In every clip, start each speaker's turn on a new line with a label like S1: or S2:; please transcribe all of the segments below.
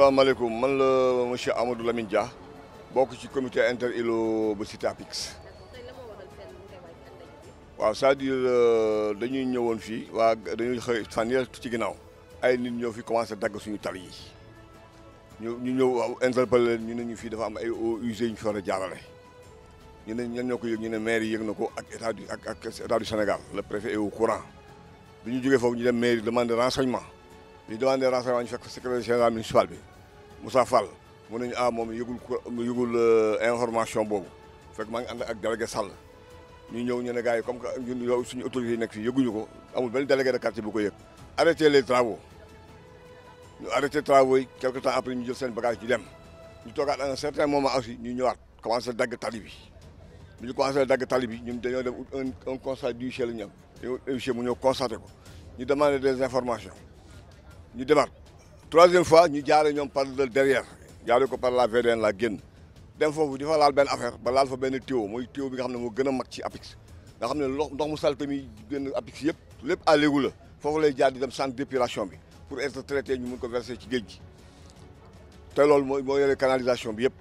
S1: asalaamaaleykum man la monsieur Amadou Lamine Dia bokk ci comité inter ILO bu CITAPIX waaw cest dire euh, dañuy ñëwoon fii waa dañuy xëy fan yële ci ginnaaw ay nit ñëw fi commencé dagg suñu tali yi ñu ñu ñëw interpellé ñu ne ñu fii dafa am ay eaux usées yu ñu fi war a jaarale ñu ne yëg ñu ne maire yi yëg na ko ak état du ak ak état du Sénégal le préfet est au courant bi ñu jógee foofu ñu dem maire demande renseignement. ñu demandé renseignement ñu fekk secrétaire général municipal bi Moussa Fall mu ne ñu ah moom yëgul yëgul euh, information boobu fekk maa ngi ànd ak délégué Sall ñu ñëw ñu ne gars yi comme que ñun yow suñu autorités yi nekk fii yëguñu ko amul benn délégué de quartier bu ko yëg arrêté les travaux ñu arrêté travaux yi quelque temps après ñu jël seen bagage ñu dem ñu toogaat à un moom moment aussi ñu ñëwaat commencé dagg tali ñu bi ñu commencé dagg tali bi ñun dañoo def un un constat d'huissier la ñu am dañoo huissier mu ñëw constaté ko ñu demandé des informations ñu demaat troisième fois ñu jaare ñoom par le derrière jaare ko par la VDN la génn dem foofu di fa laal benn affaire ba laal fa benn tuyau mooy tuyau bi nga xam ne moo gën a mag ci APIX nga xam ne ndox mu salte mi génn APIX yëpp lépp à la foofu lay jaar di dem centre d'épuration bi pour être traité ñu mun ko verser ci géej te loolu mooy moo yore canalisation bi yëpp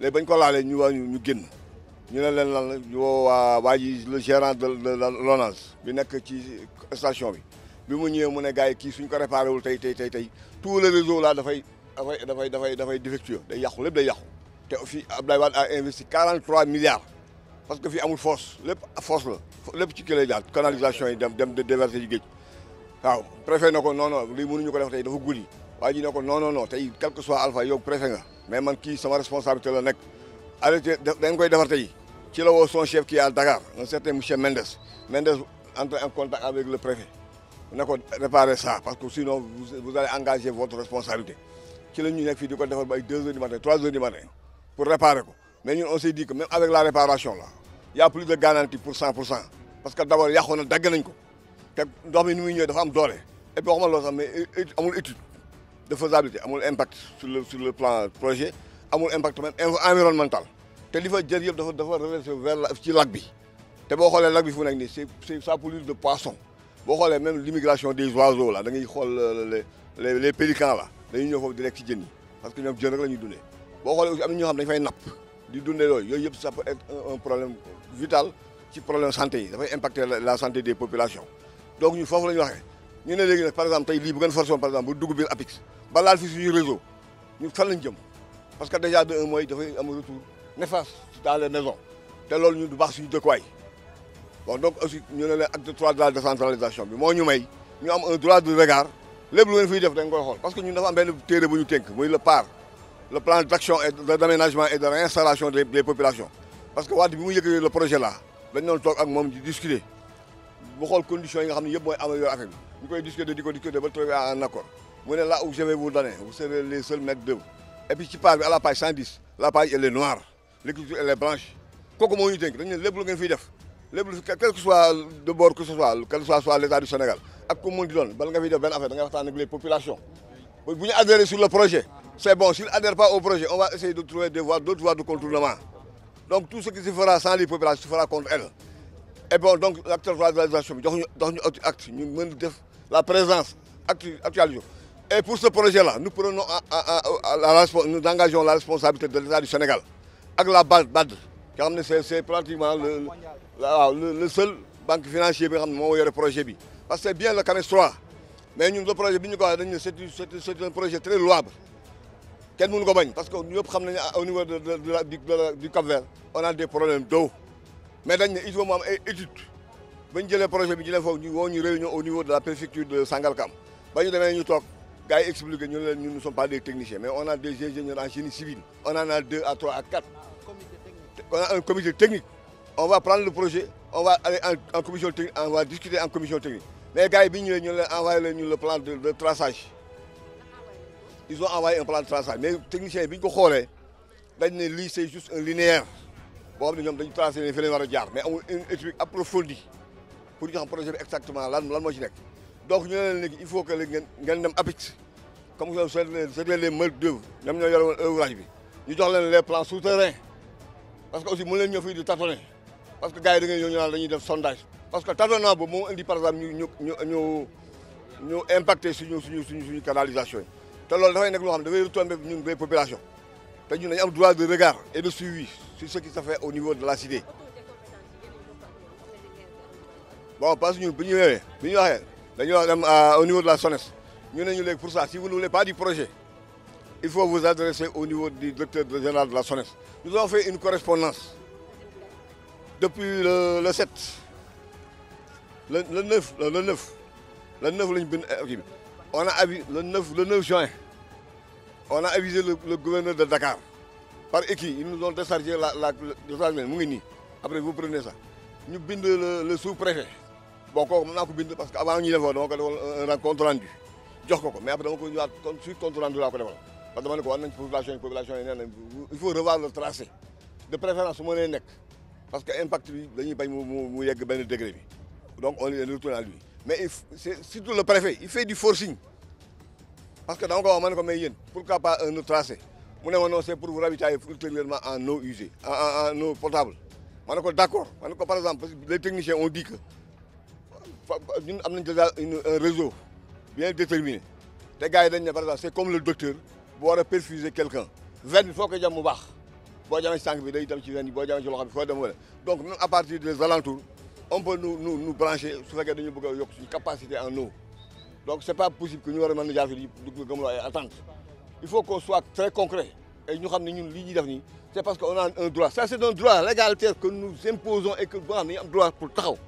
S1: léegi bañ ko laalee ñu waa ñu génn ñu ne leen lan la ñu woo waa waa ji le gérant de l'ONAS bi nekk ci station bi bi mu ñëwee mu ne gars yi kii suñ ko réparé wul tey tey tey tey tout le réseau là dafay dafay dafay dafay dafay défectueux day yàqu lépp day yàqu te fii Abdoulaye Wade a investi 43 milliards parce que fii amul fosse lépp fosse la lépp ci kii lay jaar canalisation yi dem dem déverser ci géej waaw préfet na ko noo noo lii mënuñu ko def tey dafa guddi waa ji ne ko non non non tey quel que soit alpha yow préfet nga mais man kii sama responsabilité la nekk arrêté dañ koy defar tey ci la woo son chef qui est à Dakar un certain monsieur Mendes Mendes entre ne ko réparer ça parce que sinon vous allez engager votre responsabilité ci la ñu nekk fii di ko defar ba ay deux heures du matin trois heures du matin pour réparer ko mais ñun on s'est dit que même avec la réparation là y a plus de garantie pour cent pour cent parce que d'abord yàqoon na dagg nañ ko te ndox mi ni dafa am doole et puis waxuma loolu sax mais amul étude de faisabilité amul impact sur le sur le plan projet amul impact même environnemental te li fa jër yëpp dafa dafa ci lac boo xoolee lac bi fu nekk nii boo xoolee même l'immigration des oiseaux là da ngay xool euh, les les pélicans là dañuy ñëw foofu di lekk ci jën yi parce que ñoom jën rek la ñuy dundee boo xoolee aussi am na ñoo xam dañu fay napp di dundee yooyu yëpp ça peut être un problème vital ci problème santé yi dafay impacter la santé des populations donc ñu foofu la ñu ñu ne léegi nag par exemple tey lii bu ngeen forcé woon par exemple bu dugg biir APIX ba laal fi suñu réseau ñu fan lañ jëm parce que déjà de un mooy dafay am retour néfaste dans les maisons te loolu ñu du baax suñu dëkkuwaay bon donc aussi ñu ne leen de la décentralisation bi moo ñu may ñu am de regard lépp lu ngeen fiy def dañ koy xool parce que ñun dafa am benn téere bu ñu tënk muy le PAR le plan d'action et d'aménagement et de réinstallation des des populations parce que waat bi mu yëkkatee le projet là dañ doon toog ak moom di discuter bu xool conditions yi nga xam ne yëpp mooy améliorer affaire bi ñu koy discuter di ko discuter ba trouver un accord mu ne la page 110 la page elle est def lépp quel que soit de bord que ce soit quel que soit l'état du Sénégal ak ku mu di doon bala nga affaire da ngay projet c'est bon s'ils adhèrent pas au on va essayer de trouver des voies d'autres voies de et bi jox ñu jox ñu acte ñu mën def la présence acte actuelle et pour ce projet là nous prenons à, à, à, nous engageons la responsabilité de l'état du Sénégal ak la BAD BAD nga xam ne c'est c'est pratiquement le waaw le seul financier bi nga xam ne moo yore projet bi parce que bien le CAMES 3 mais ñun le projet bi ñu ko waxee dañu ne c'est c'est un projet très louable kenn mënu ko bañ parce que ñëpp xam nañu au niveau de de la du du Cap-Vert on a des problèmes d'eau mais dañ ne il faut mu am ay études ba ñu jëlee projet bi ñu ne foofu ñu woo ñu réunion au niveau de la préfecture de Sangalkam ba ñu demee ñu toog gars yi expliqué ñu ne pas des techniciens mais on a des ingénieurs kon a un comité technique. On va prendre le projet, on va aller en, en commission technique, on va discuter en commission technique. Les gars, ils nous ont envoyé le plan de, de, traçage. Ils ont envoyé un plan de traçage. Mais les techniciens, ils ont dit c'est juste un linéaire. Bon, nous avons tracé les phénomènes de Mais on une étude approfondie pour dire un projet exactement là, là, moi, je Donc, nous, il faut que les gens habitent. Comme vous savez, c'est les meurtres d'œuvre. parce que aussi mu leen ñëw fii di tâtonner parce que gars yi da ngeen ñu naan dañuy def sondage parce que tâtonnement boobu moo indi par exemple ñu ñu ñu ñu ñu suñu suñu suñu suñu canalisation yi te loolu dafay nekk loo xam ne dafay retombé ñun bay population te ñun dañu am droit de regard et de suivi sur ce qui se fait au niveau de la cité bon parce que ñun bu ñu ñëwee bi ñu waxee dañuy wax dem euh, au la SONES ñu ne ñu léegi pour ça si vous ne voulez pas du projet il faut vous adresser au niveau du directeur général de la SONES. Nous avons fait une correspondance depuis le, le 7, le, le, 9, le, le 9, le 9, eh, on a le 9, le 9 juin, on a avisé le, gouverneur de Dakar par équipe. Ils nous ont déchargé la, la, la Après, vous prenez ça. Nous bindons le, le sous-préfet. Bon, encore, on a bind parce qu'avant, on a fait un compte rendu. Mais après, on a fait un parce que dama ne ko war nañ population yi population yi il faut revoir le tracé de préférence su nekk parce que impact bi dañuy bañ mu mu yegg benn degré bi donc on est retourné à lui mais il c'est surtout le préfet il fait du forcing parce que dama ko wax ma ne ko mais yéen pourquoi pas un autre tracé mu ne ma non c'est pour vous ultérieurement en eau usée en en eau potable ma ne ko d'accord ma par exemple parce les techniciens ont dit que am nañ déjà un réseau yi dañ ne par exemple c'est comme bu perfuser quelqu'un veine bi jam mu baax boo jamee ci tànk bi day dem ci veine bi boo jamee ci loxo bi foo dem wala donc même à partir des alentours on peut nous brancher su fekkee dañu bëgg a yokk suñu capacité en eau donc c' pas possible que ñu war a mën a jaar ñu xam ne ñun lii ñuy def nii c' est parce que on a un droit ça un droit légalitaire que nous imposons et que boo xam ne ñu droit pour taxaw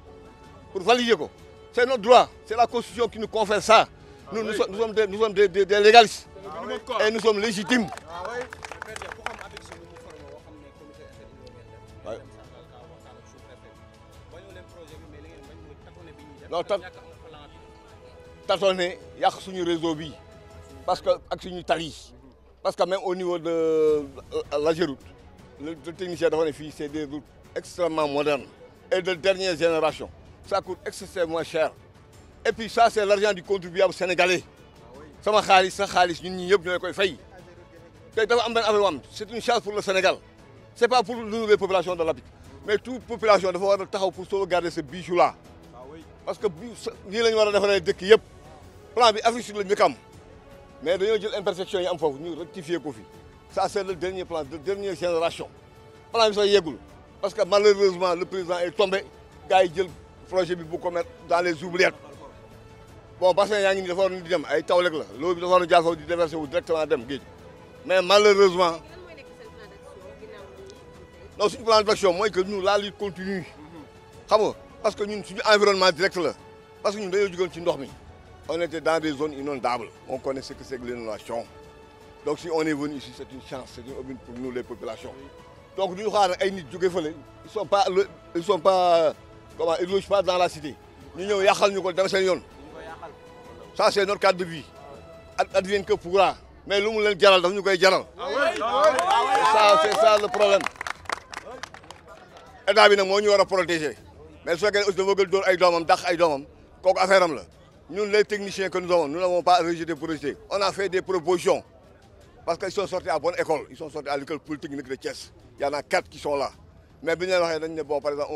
S1: pour valider ko c' est notre droit c' la constitution qui et nous sommes légitimes. non ta tâtonner yàq suñu réseau bi parce que ak suñu tali parce que même au niveau de euh, l'Ageroute le technicien dafa ne fii c'est des routes extrêmement modernes et de dernière génération ça coûte extrêmement cher et puis ça c'est l'argent du contribuable sénégalais sama xaalis sa xaalis ñun ñi yëpp ñooy koy fay tey dafa am benn affaire am c'est une chance pour le Sénégal c'est pas pour nous les populations de l'Afrique mais toute population dafa war a taxaw pour sauvegarder ce bijou là parce que bu nii la ñu war a defaree dëkk yëpp plan bi Afrique Sud la njëkk am mais dañoo jël imperfection yi am foofu ñu rectifier ko fi ça c'est le dernier plan de dernière génération plan bi sax yeggul parce que malheureusement le président est tombé gars bi bu ko mettre les oubliettes bon bassin yaa ngi nii dafa waroon di dem ay taw rek la loolu bi dafa waroon jaar foofu di déverser wu directement dem géej mais malheureusement non suñu mooy que ñun la lutte xam nga parce que ñun suñu environnement direct la parce que ñun ci ndox mi dans des zones inondables on connaît si on est venu ici c'est une chance c'est une aubaine pour nous les ay nit jóge fële ils sont pas ils sont pas comment ils logent pas la cité ñu ñëw yàqal ñu ko dem seen yoon ça c'est notre cadre de vie advienne que pourra mais lu mu leen jaral dafa ñu koy jaral ah ah ah ça c'est ça le problème état bi nag moo ñu war a protéger mais su fekkee aussi dafa gën dóor ay doomam dàq ay doomam kooku affaire am la ñun les techniciens que nous avons nous n'avons pas rejeté pour rejeter on a fait des propositions parce qu'ils sont sortis à bonne école ils sont sortis à l'école polytechnique de Thiès il y quatre qui sont là mais bi ñu leen waxee dañ ne bon par exemple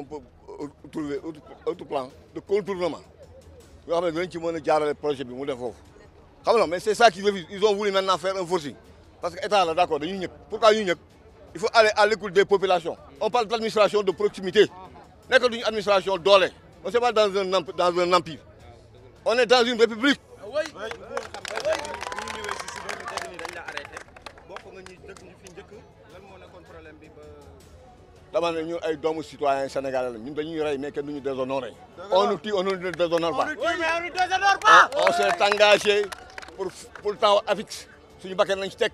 S1: on euh, yoo xam ne jaarale projet bi mu def foofu xam nga mais c'est parce que état la d'accord dañuy ñëkk pourquoi ñuy ñëkk il faut aller à l'écoute des populations on parle d'administration de proximité nekk duñu administration doole on n'est pas dans un empire on est dans une république ah dama ne ñun ay doomu citoyen sénégalais la ñun rey mais kenn du ñu déshonoré. on nous tue on ne déshonore pas. on ne déshonore pas. Ah, on s'est engagé pour pour AFIX suñu bakkan lañ ci teg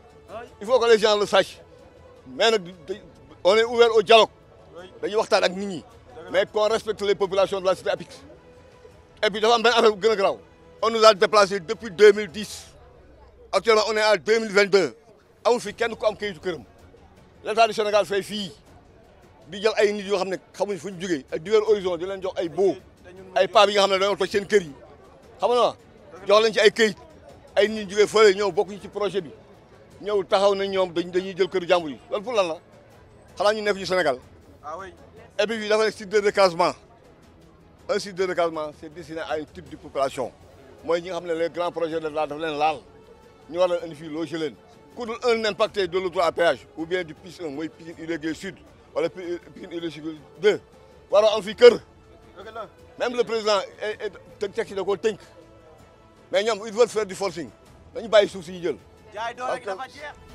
S1: il faut que les gens le sachent mais nag on est ouvert au dialogue dañuy waxtaan ak nit ñi mais qu'on respecte les populations de la cité APIX et puis dafa am benn affaire bu gën a garaaw on nous a déplacé depuis 2010 actuellement on est à 2022 amul fi kenn ku am kayitu këram l'état du Sénégal fay fii. di jël ay nit yoo xam ne xamuñ fu ñu jógee ak divers horizon di leen jox ay boo ay paa bi nga xam ne dañoo toj yi xam nga ci ay këyit ay nit ñu jógee fële ñëw bokkuñ ci projet bi ñëw taxaw na ñoom dañuy jël kër jàmbur yi loolu pour lan la xanaa ñu nekk ñu Sénégal ah et puis dafa nekk site de recasement un site de recasement c' est destiné à type de population mooy ñu nga xam ne les grands projet de la dafa leen laal ñu war leen indi fii loger leen ku dul un impacté de l'autoroute à péage wala Pikine Illogique 2 waroo am fii kër même le président teg teg ci ko koo tënk mais ñoom ils veulent faire du forcing dañu bàyyi suuf si ñu jël. jaay